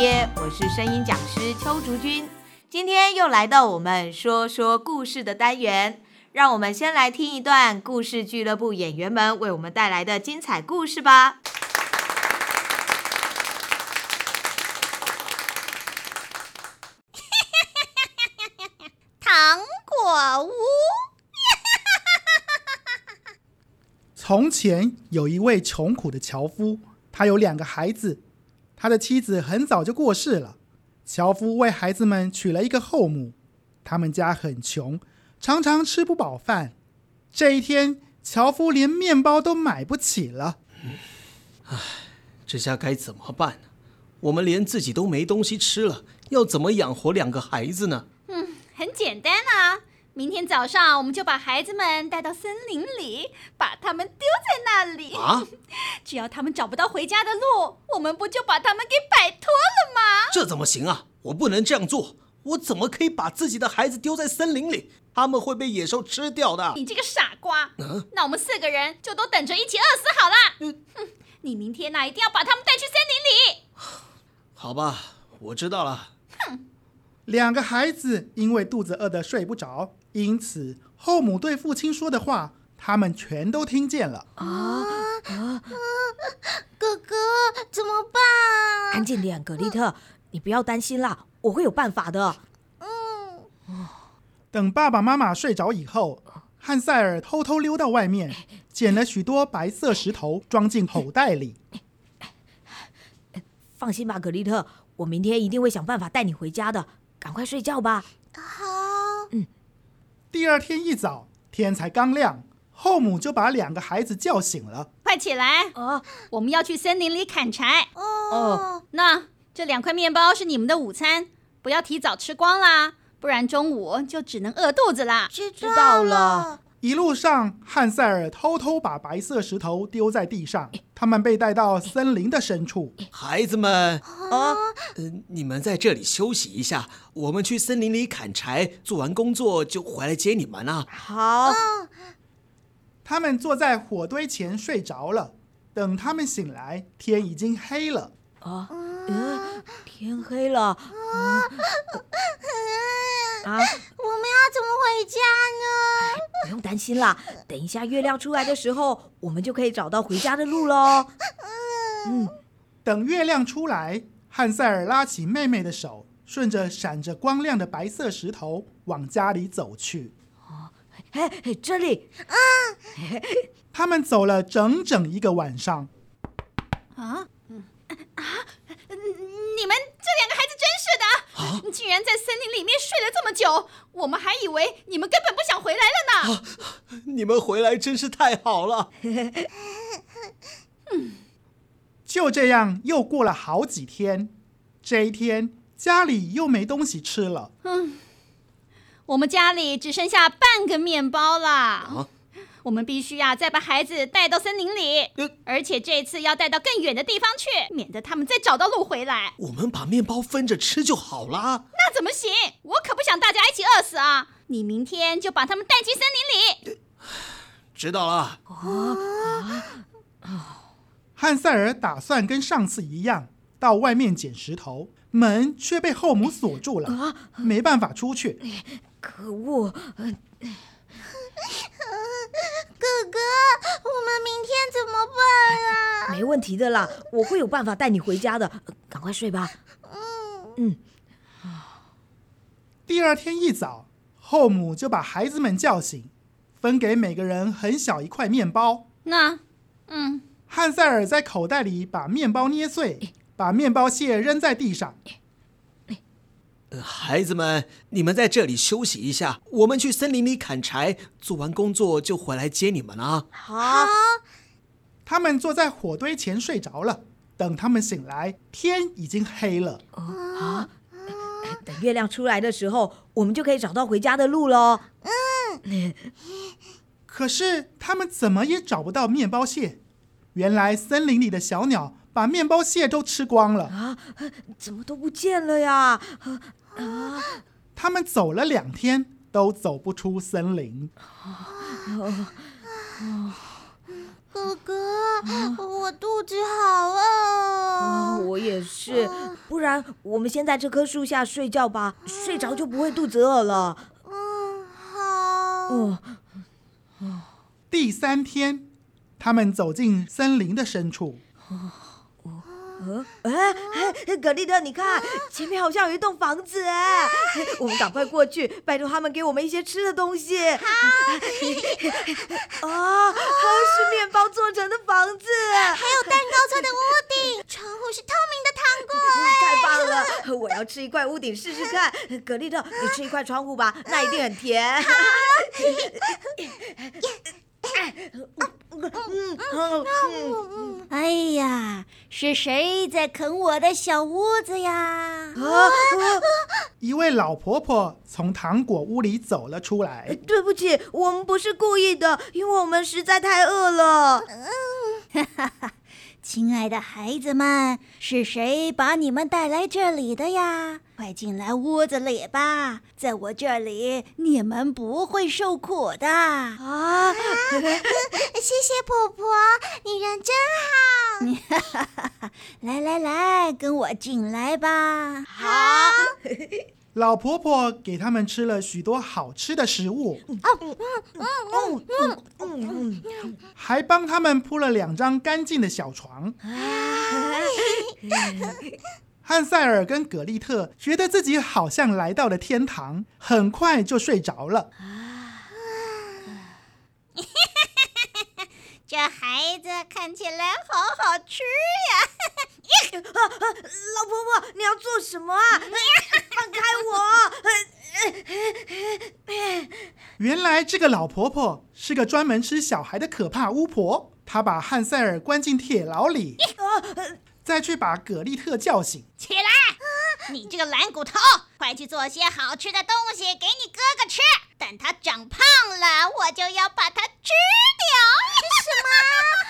耶，我是聲音講師邱竹君，今天又來到我們說說故事的單元，讓我們先來聽一段故事劇樂部演員們為我們帶來的精彩故事吧。 糖果屋無。 從前有一位窮苦的樵夫，他有兩個孩子。他的妻子很早就過世了，樵夫為孩子們娶了一個後母。他們家很窮，常常吃不飽飯。這一天，樵夫連麵包都買不起了。唉，這下該怎麼辦呢？我們連自己都沒東西吃了，要怎麼養活兩個孩子呢？嗯，很簡單啊。明天早上我們就把孩子們帶到森林裡，把他們丟在那裡。啊！只要他們找不到回家的路，我們不就把他們給擺脫了嗎？這怎麼行啊！我不能這樣做，我怎麼可以把自己的孩子丟在森林裡？他們會被野獸吃掉的！你這個傻瓜！啊、那我們四個人就都等着一起餓死好了。嗯嗯、你明天呢，一定要把他們帶去森林裡。好吧，我知道了。哼！兩個孩子因為肚子餓得睡不着。因此，後母對父親說的話，他們全都聽見了。啊啊！哥哥，怎麼辦？安靜點，格麗特，你不要擔心啦，我會有辦法的。嗯。哦、等爸爸媽媽睡着以後，漢塞爾偷偷偷溜到外面，撿了許多白色石頭，裝進口袋裡。哎哎哎哎、放心吧，格麗特，我明天一定會想辦法帶你回家的。趕快睡覺吧。好。第二天一早，天才剛亮，後母就把兩個孩子叫醒了。快起來哦，哦我們要去森林裡砍柴。哦，哦哦，那這兩塊麵包是你們的午餐，不要提早吃光啦，不然中午就只能餓肚子啦。知道了。一路上，漢塞爾偷偷偷把白色石頭丟在地上。他們被帶到森林的深處。孩子們，啊、呃，你們在這裡休息一下，我們去森林裡砍柴。做完工作就回來接你們啊。好。他們坐在火堆前睡着了。等他們醒來，天已經黑了。啊，啊，天黑了。啊啊啊！我們要怎麼回家呢？不用擔心啦，等一下月亮出來的時候，我們就可以找到回家的路嘍。嗯，等月亮出來，漢塞爾拉起妹妹的手，順着閃着光亮的白色石頭往家裡走去。哦，嘿嘿，這裡。嗯。他們走了整整一個晚上。啊？嗯？啊？你們？啊，你竟然在森林裡面睡了這麼久，我們還以為你們根本不想回來了呢。啊，你們回來真是太好了。 就這樣又過了好幾天，這一天家裡又沒東西吃了。嗯，我們家裡只剩下半個麵包了。啊我們必須呀，啊，再把孩子帶到森林裡。呃，而且這次要帶到更遠的地方去，免得他們再找到路回來。我們把麵包分着吃就好了。那怎麼行？我可不想大家一起餓死啊！你明天就把他們帶進森林裡。知道了。啊啊啊。漢塞爾打算跟上次一樣，到外面撿石頭，門卻被後母鎖住了，沒辦法出去。啊啊，可惡！啊啊哥哥，我們明天怎麼辦啊？哎，沒問題的啦，我會有辦法帶你回家的。趕快睡吧。嗯嗯。第二天一早，後母就把孩子們叫醒，分給每個人很小一塊麵包。那，嗯。漢塞爾在口袋裡把麵包捏碎，把麵包屑扔在地上。孩子們，你們在這裡休息一下，我們去森林裡砍柴，做完工作就回來接你們了。好、啊，他們坐在火堆前睡着了。等他們醒來，天已經黑了。啊，啊，等月亮出來的時候，我們就可以找到回家的路了。嗯、可是他們怎麼也找不到麵包屑。原來森林裡的小鳥。把麵包屑都吃光了啊！怎麼都不見了呀？啊、他們走了兩天，都走不出森林。啊啊啊、哥哥，啊、我肚子好餓、啊。我也是，不然我們先在這棵樹下睡覺吧，睡着就不會肚子餓了。嗯，好。哦啊、第三天，他們走進森林的深處。嗯哎、哦，格麗特，你看，哦、前面好像有一棟房子，啊、我們趕快過去，拜托他們給我們一些吃的東西。好。啊，是麵包做成的房子，還有蛋糕做的屋頂，窗戶是透明的糖果。太棒了，我要吃一塊屋頂試試看。格麗特，你吃一塊窗戶吧，啊、那一定很甜。好耶哎呀，是誰在啃我的小屋子呀？啊啊、一位老婆婆從糖果屋裡走了出來。對不起，我們不是故意的，因為我們實在太餓了。 親愛的孩子們，是誰把你們帶來這裡的呀？快進來屋子裡吧，在我這裡你們不會受苦的啊！ 謝謝婆婆，你人真好。 來來來，跟我進來吧。好。 老婆婆給他們吃了許多好吃的食物，還幫他們鋪了兩張乾淨的小床。漢塞爾跟葛麗特覺得自己好像來到了天堂，很快就睡着了。這孩子看起來好好吃呀！啊啊！老婆婆，你要做什麼啊？放開我！ 原來這個老婆婆是個專門吃小孩的可怕巫婆，她把漢塞爾關進鐵牢裡，再去把葛麗特叫醒。起來！你這個懶骨頭，快去做些好吃的東西給你哥哥吃。等他長胖了，我就要把他吃掉。是什麼？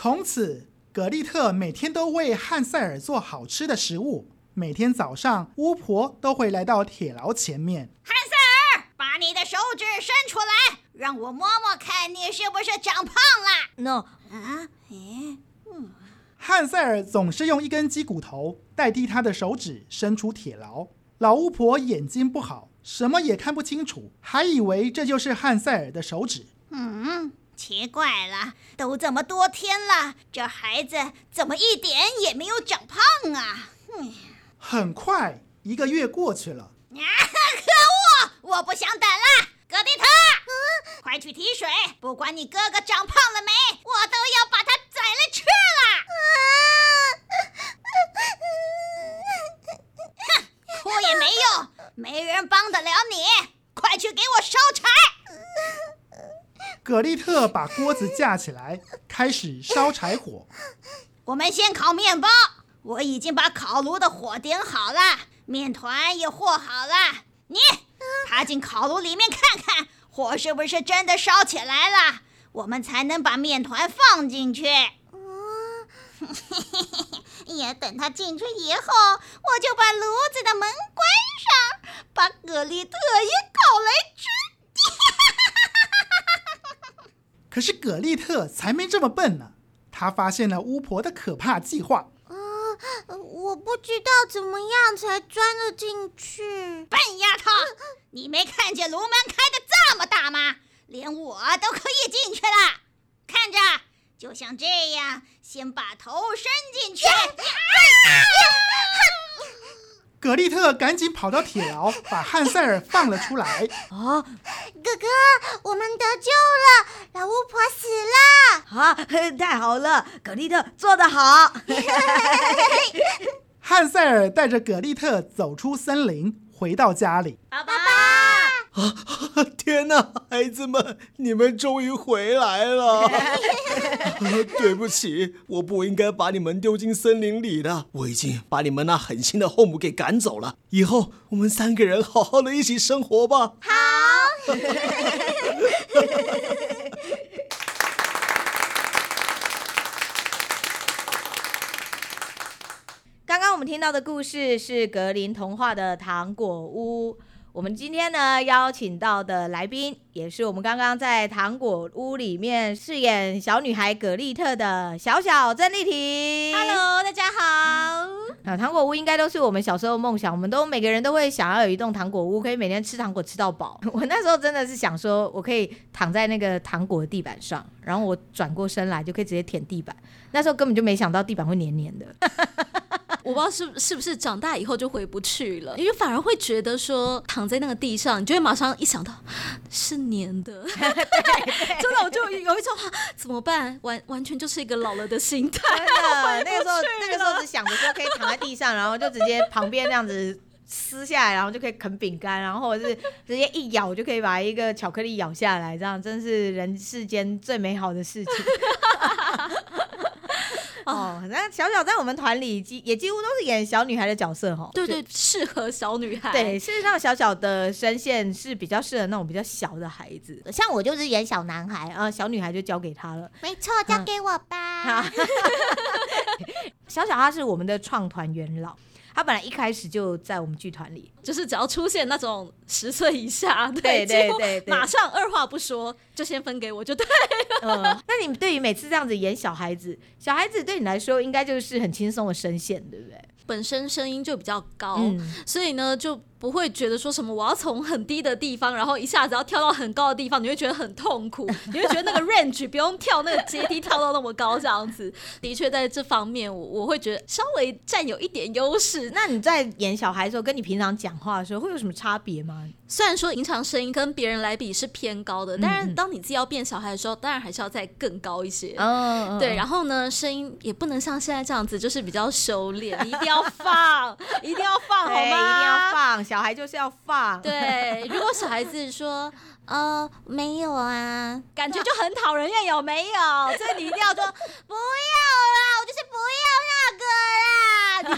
從此，格麗特每天都為漢塞爾做好吃的食物。每天早上，巫婆都會來到鐵牢前面。漢塞爾，把你的手指伸出來，讓我摸摸看，你是不是長胖了？No。啊？誒？嗯。漢塞爾總是用一根雞骨頭代替他的手指伸出鐵牢。老巫婆眼睛不好，什麼也看不清楚，還以為這就是漢塞爾的手指。嗯。奇怪了，都這麼多天了，這孩子怎麼一點也沒有長胖啊？嗯，很快一個月過去了。啊！可惡！我不想等了，葛蒂特，嗯，快去提水！不管你哥哥長胖了沒，我都要把他宰了吃了！啊！哼，哭也沒用，沒人幫得了你。快去給我燒柴！格麗特把鍋子架起來，開始燒柴火。我們先烤麵包。我已經把烤爐的火點好了，麵團也和好了。你爬進烤爐裡面看看，火是不是真的燒起來了？我們才能把麵團放進去。啊，嘿嘿嘿嘿！等他進去以後，我就把爐子的門關上，把格麗特也。可是葛麗特才沒這麼笨呢，她發現了巫婆的可怕計劃。啊、呃，我不知道怎麼樣才鑽得進去。笨丫頭，你沒看見爐門開得這麼大嗎？連我都可以進去了。看着，就像這樣，先把頭伸進去。Yeah! Yeah! yeah! 格麗特趕緊跑到鐵牢，把漢塞爾放了出來。啊、哦，哥哥，我們得救了！老巫婆死了！啊，太好了！格麗特做得好。 漢塞爾帶着格麗特走出森林，回到家裡。拜拜拜拜。啊！天哪，孩子們，你們終於回來了、 啊！對不起，我不應該把你們丟進森林裡的。我已經把你們那狠心的後母給趕走了。以後我們三個人好好的一起生活吧。好。 剛剛我們聽到的故事是格林童話的《糖果屋》。我們今天呢邀請到的來賓，也是我們剛剛在糖果屋裡面飾演小女孩葛麗特的小小曾莉婷。Hello，大家好。啊，糖果屋應該都是我們小時候的夢想，我們都每個人都會想要有一棟糖果屋，可以每天吃糖果吃到飽。 我那時候真的是想說，我可以躺在那個糖果的地板上，然後我轉過身來就可以直接舔地板。那時候根本就沒想到地板會黏黏的。 我不知道是是不是長大以後就回不去了，因為反而會覺得說，躺在那個地上，你就會馬上一想到是黏的，真 的 對對 我就有一種，啊，怎麼辦？完完全就是一個老了的心態。的 了那個時候那個時候只想着說可以躺在地上，然後就直接旁邊那樣子撕下來，然後就可以啃餅乾，然後是直接一咬就可以把一個巧克力咬下來，這樣真是人世間最美好的事情。 哦，那小小在我們團裡，幾也幾乎都是演小女孩的角色哈。對對，就適合小女孩。對，事實上小小的聲線是比較適合那種比較小的孩子。像我就是演小男孩啊、嗯，小女孩就交給他了。沒錯，交給我吧。嗯、 小小她是我們的創團元老。他本來一開始就在我們劇團裡，就是只要出現那種十歲以下。對，對，對，對對，馬上二話不說就先分給我，就對了。嗯，那你對於每次這樣子演小孩子，小孩子對你來說應該就是很輕鬆的聲線，對不對？本身聲音就比較高，嗯、所以呢就不會覺得說什麼我要從很低的地方，然後一下子要跳到很高的地方，你會覺得很痛苦， 你會覺得那個 range 不用跳那個階梯，跳到那麼高，這樣子。的確在這方面我我會覺得稍微佔有一點優勢。那你在演小孩的時候，跟你平常講話的時候會有什麼差別嗎？雖然說隱藏聲音跟別人來比是偏高的，但是當你自己要變小孩的時候，當然還是要再更高一些。嗯，對。然後呢，聲音也不能像現在這樣子，就是比較收斂，你一定要。放， 一定要放，好嗎？一定要放，小孩就是要放。對，如果小孩子說，呃、 哦，沒有啊， 感覺就很討人厭，有沒有？所以你一定要說 不。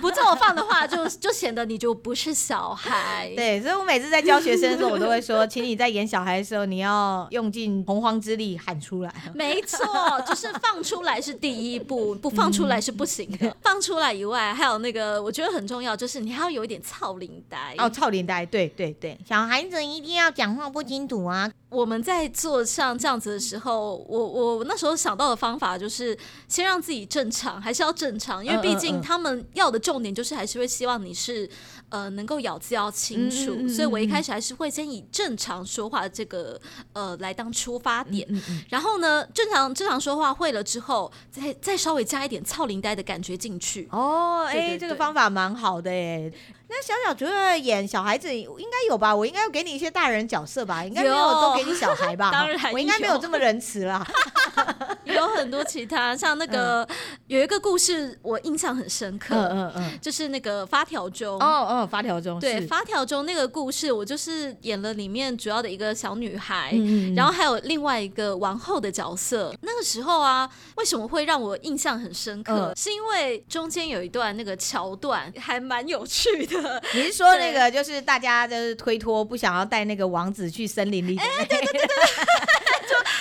不這麼放的話，就就顯得你就不是小孩。對，所以我每次在教學生的時候，我都會說，請 你在演小孩的時候，你要用盡洪荒之力喊出來。沒錯，就是放出來是第一步，不放出來是不行的。嗯、放出來以外，還有那個我覺得很重要，就是你還要有一點操靈呆。哦，操靈呆，對對對，小孩子一定要講話不精讀啊。我們在做像這樣子的時候，我我那時候想到的方法就是先讓自己正常，還是要正常，因為畢竟他們要的嗯嗯嗯。重點就是還是會希望你是呃能夠咬字要清楚，嗯嗯嗯嗯所以我一開始還是會先以正常說話這個呃來當出發點，嗯嗯嗯嗯然後呢正常正常說話會了之後，再再稍微加一點操林呆的感覺進去。哦，哎，對這個方法蠻好的耶。 那小小覺得演小孩子應該有吧？我應該要給你一些大人角色吧？應該沒有都給你小孩吧？ 當然，我應該沒有這麼仁慈啦。 有很多其他，像那個、嗯、有一個故事我印象很深刻，嗯嗯，就是那個發條鐘。哦哦，發條鐘。對，是發條鐘那個故事我就是演了裡面主要的一個小女孩，嗯、然後還有另外一個王後的角色。那個時候啊，為什麼會讓我印象很深刻？嗯、是因為中間有一段那個橋段還蠻有趣的，你是說那個就是大家就是推脫不想要帶那個王子去森林裡面？欸，對對對對對。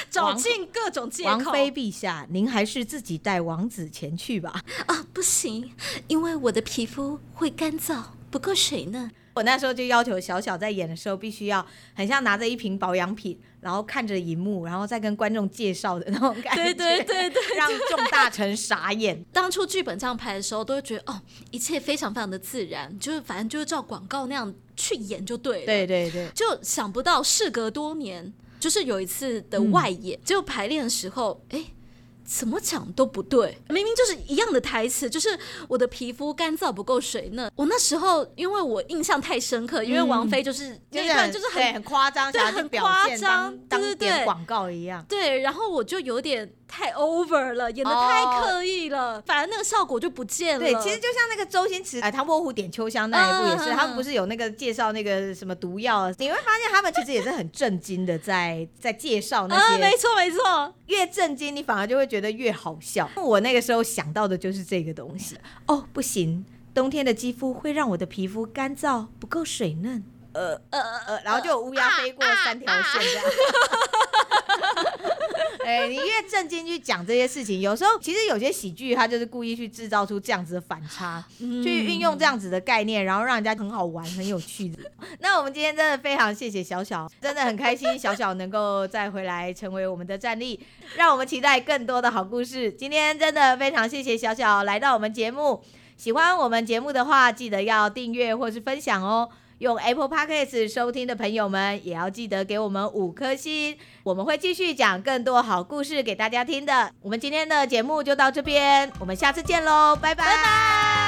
找進各種借口。王，王妃陛下，您還是自己帶王子前去吧。啊，不行，因為我的皮膚會乾燥不夠水嫩。我那時候就要求小小在演的時候，必須要很像拿着一瓶保養品，然後看着熒幕，然後再跟觀眾介紹的那種感覺。對對對對，對，讓眾大臣傻眼。 當初劇本這樣拍的時候，都會覺得哦，一切非常非常的自然，就是反正就是照廣告那樣去演就對了。對，對對對，就想不到事隔多年。就是有一次的外演，就、嗯、排練的時候，哎、欸，怎麼講都不對，明明就是一樣的台詞，就是我的皮膚乾燥不夠水嫩。我那時候因為我印象太深刻，嗯、因為王菲就是那一段就是很很誇張，對，很誇張，對對對，廣告一樣。對，然後我就有點。太 over 了，演得太刻意了，oh. 反而那個效果就不見了。對，其實就像那個周星馳哎、呃、《唐伯虎點秋香》那一部也是，uh, uh, uh, uh. 他們不是有那個介紹那個什麼毒藥？ 你會發現他們其實也是很震驚的在，在在介紹那些。Uh, 沒錯沒錯，越震驚你反而就會覺得越好笑。我那個時候想到的就是這個東西。哦，不行，冬天的肌膚會讓我的皮膚乾燥不夠水嫩。呃呃呃，然後就有烏鴉飛過三條線這樣。啊啊啊 欸、你越正經去講這些事情，有時候其實有些喜劇，他就是故意去製造出這樣子的反差，嗯、去運用這樣子的概念，然後讓人家很好玩，很有趣的。 那我們今天真的非常謝謝小小，真的很開心小小能夠再回來成為我們的戰力，讓我們期待更多的好故事。今天真的非常謝謝小小來到我們節目，喜歡我們節目的話，記得要訂閱或是分享哦。用 Apple Podcast 收聽的朋友們，也要記得給我們五顆星。我們會繼續講更多好故事給大家聽的。我們今天的節目就到這邊，我們下次見嘍，拜拜。拜拜。